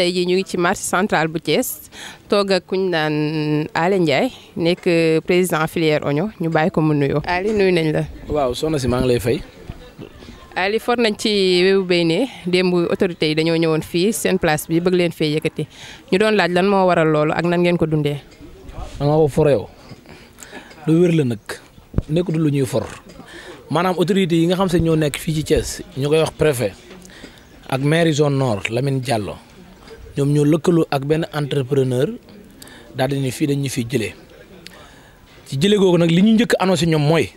tey jii ñu ngi ci marché centrale bu cees toog ak kuñ naan Aly Ndiaye nekk président filière oño ñu bàyyi ko mu nuyoo. Aly nuyu nañ la. waaw soxna si maa ngi lay fay. Aly for nañ ci webu béy ne démb autorités yi dañoo ñëwoon fii seen place bi bëgg leen fee yëkkati ñu doon laaj lan moo waral loolu ak nangeen ko dundee. dama ko foreew lu wér la nag nekkul lu ñuy for maanaam autorités yi nga xam se ñoo nekk fii ci Thiès ñu koy wax préfet ak maire zone nord Lamine Diallo. ñoom ñoo lëkkaloo ak benn entrepreneur daal di fii dañ ñu fi jëlee ci jëlee googu nag li ñu njëkk annoncé ñoom mooy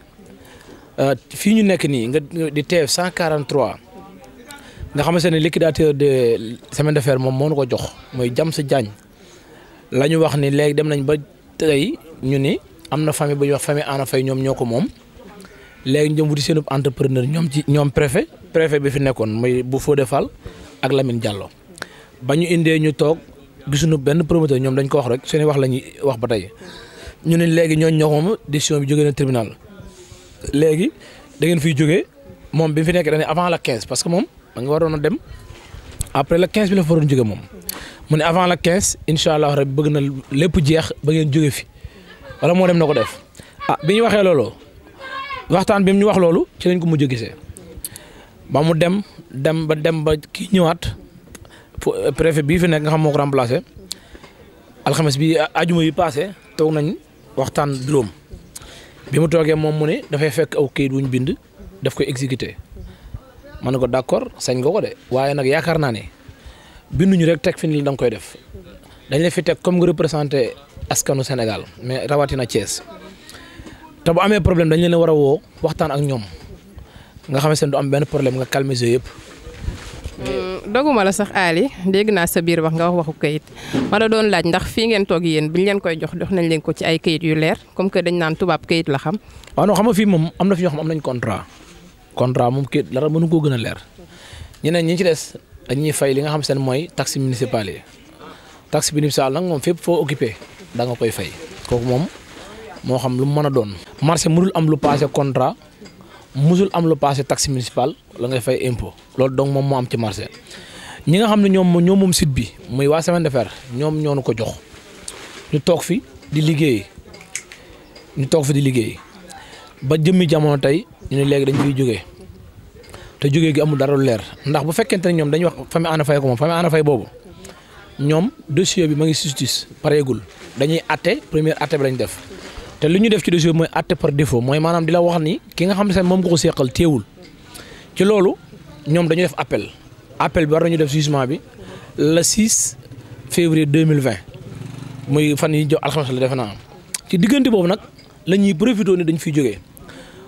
euh, fii ñu nekk nii nga di TF 143 nga xamante ne liquidateur de semaine d'affaires moom moo nu ko jox mooy Diamsa Diagne la ñu wax ni léegi dem nañ ba tey ñu ni am na famille bu ñuy wax famille Ana Faye ñoom ñoo ko moom léegi ñu dem wuti seen entrepreneur ñoom ci ñoom préfet préfet bi fi nekkoon mooy bu foo defal ak Lamine Diallo. ba ñu indee ñu toog gisuñu benn promoteur ñoom dañ ko wax rek seeni wax la ñuy wax ba tey ñu ne léegi ñooñu ñoo xam décision bi jógee na tribunal léegi da ngeen fiy jógee moom bi mu fi nekk dañuy avant la quinze parce que moom da nga waroon a dem après la 15 bi la fa jógee moom mu ne avant la 15 incha allah rek bëgg na lépp jeex ba ngeen jógee fi wala moo dem na ko def ah bi ñu waxee loolu waxtaan bi mu ñu wax loolu ci lañ ko mujj gisee ba mu dem dem ba dem ba ki ñëwaat. Euh, préfet bii fi nekk nga xam moo ko remplacé alxames bi ajuma yi passé toog nañ waxtaan juróom bi mu toogee moom mu ne dafay fekk aw kayit wuñ bind daf koy exécuté ma ne ko d' accord sañ nga ko waaye nag yaakaar naa ne binduñu rek teg fi ni da koy def dañ la fi teg comme nga représenté askanu Sénégal mais rawatina Thiès te bu amee problème dañ leen war a woo waxtaan ak ñoom nga xam ne du am benn problème nga calmer yëpp. Hmm. doguma la sax Ali dégg naa sa biir wax nga wax waxu kayit ma doon laaj ndax fii ngeen toog yéen bi leen koy jox jox nañ leen ko ci ay kayit yu leer comme que dañ naan tubaab kayit la xam. waaw non xam nga fii moom am na fi ñoo xam am nañ contrat contrat moom kayit dara mënu koo gën leer ñeneen ñi ci des dañuy fay li nga xam seen mooy taxe municipale yi taxe municipale nag moom fépp foo occupé da koy fay kooku moom moo xam lu mu mën a doon. marché mënul am lu passé contrat. musul am lu passé taxi municipal la ngay fay impôt loolu donc mom mo am ci marché ñi nga xamni ñom ñom mom site bi muy wa semaine de fer ñom ñono ko jox ñu tok fi di liggéey ñu tok fi di liggéey ba jëmmi jamono tay ñu ne dañ fi jógee te jógee gi amul dara lu leer ndax bu fekkente ne ñoom wax fami Ana fay ko mom fami Ana fay bobu ñom dossier bi ma ngi justice pareegul dañuy atté première atté bi lañ def té luñu def ci dossier moy atté par défaut moy manam dila wax ni ki nga xamné ne moom ko sékkal téwul ci lolu ñom dañu def appel appel bi war nañu def jugement bi le 6 février 2020 muy fan yi jox alxames la defe am ci digënté bobu nak lañuy profito ni dañ fi joggé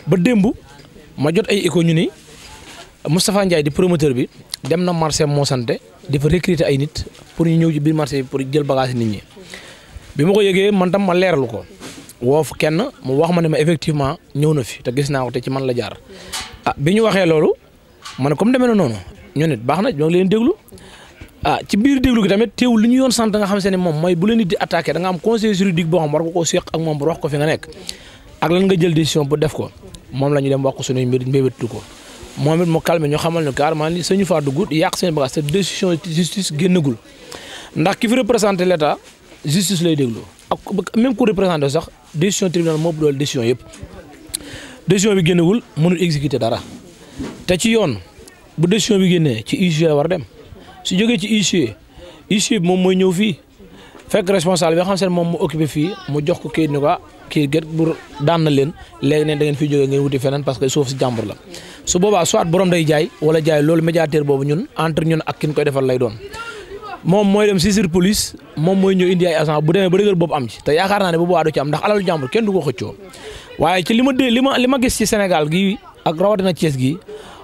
ba dembu ma jot ay écho ñu ni Moustapha Ndiaye di promoteur bi dem na marché mo santé di fa recruter ay nit pour ñu ñëw ci biir marché pour jël bagage nit ñi bi ma ko yëgee man tam ma leeralu ko. woo fu kenn mu wax ma ne ma effectivement ñëw na fi te gis naa ko te ci man la jaar ah bi ñu waxee loolu ma ne comme demee na noonu ñu nit baax na ñoo leen déglu ah ci biir déglu gi tamit teewul li ñu yoon sant nga xam se ne moom mooy bu leen di attaqué da nga am juridique boo xam war nga koo ak moom bu wax ko fi nga nekk ak lan nga jël décision bu def ko moom la ñu dem wax ko suñuy mbir mbébétu ko moom it mu calmé ñu xamal ne carrément ni sañu faa dugg yàq seen bagage te décision justice génnagul ndax ki fi représenté l' état justice lay déglu ak même ku sax décision tribunal moo bu dool décision yëpp décision bi génnewul mënul exécuter dara te ci yoon bu décision bi génnee ci huissier a war dem su jógee ci huissier huissier bi moom mooy ñëw fii fekk responsable bi nga xam seen moom mu occupé fii mu jox ko kayit ni ko ah, kii gët bu daan na leen léegi neen da ngeen fi jógee ngeen wuti feneen parce que suuf si jàmbur la su boobaa soit borom day jaay wala jaay loolu médiateur boobu ñun entre ñun ak kin koy defal lay doon moom mooy dem sisir police moom mooy ñëw indi ay agent bu demee ba dëgër boobu am ci te yaakaar naa ne bu boobaa du ci am ndax alalu kenn du xëccoo waaye ci li ma dé li ma li ma gis ci Sénégal gi ak rawatina Thiès gi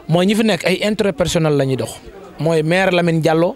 mooy ñi fi nekk ay intérêt personnel la ñuy dox mooy maire lamin jallo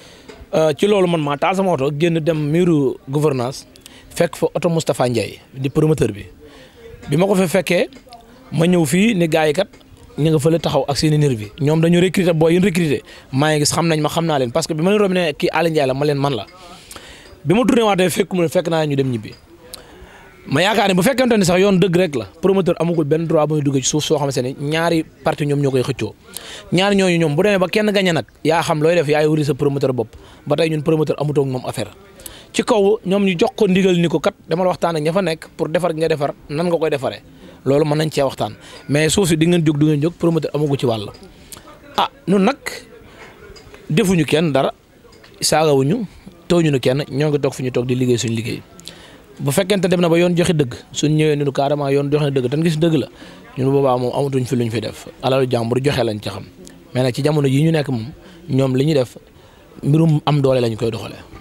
Euh, ci loolu man maa taal sama génn dem miiru gouvernance fekk fa oto Moustapha Ndiaye di promoteur bi bi ma ko fee fekkee ma ñëw fii ni gars yi kat ñu nga fële taxaw ak seen i nervi bi ñoom dañu recruter booy yéen recruter maa ngi xam nañ ma xam naa leen parce que bi ma leen robinet kii Aliou Ndiaye la ma leen man la bi ma tourné waatee fekk mu fekk naa ñu dem ñibbi. ma yaakaar ne bu fekkentoon ne sax yoon deug rek la promoteur amugul ben droit bu ñu duggee ci suuf so xamante ñaari parti ñom ñokay xëccio ñaar ñoñu ñom bu déme ba kenn gañe nak ya xam loy def yaay wuri sa promoteur bop ba tay ñun promoteur amutoog mom affaire ci kaw ñom ñu jox ko ndigal ni kat waxtaan ak ñafa nek pour defar nga défar nan nga koy défaré loolu mën nañ cee waxtaan mais suuf ci di ngeen jog du ngeen jog promoteur amugul ci wàll ah nun nak defuñu kenn dara sagawuñu tooñu ñu kenn ñoo ngi toog di liggéey suñu liggéey bu fekkente dem na ba yoon joxe dëgg suñ ñëwee ni carrément yoon joxe na dëgg tan gis dëgg la ñun boobaa moom amatuñ fi lu ñu fi def alalu jàmbur joxe lañ ci xam mais ci jamono yi ñu nekk moom ñoom li ñu def mbirum am doole lañ koy doxalee.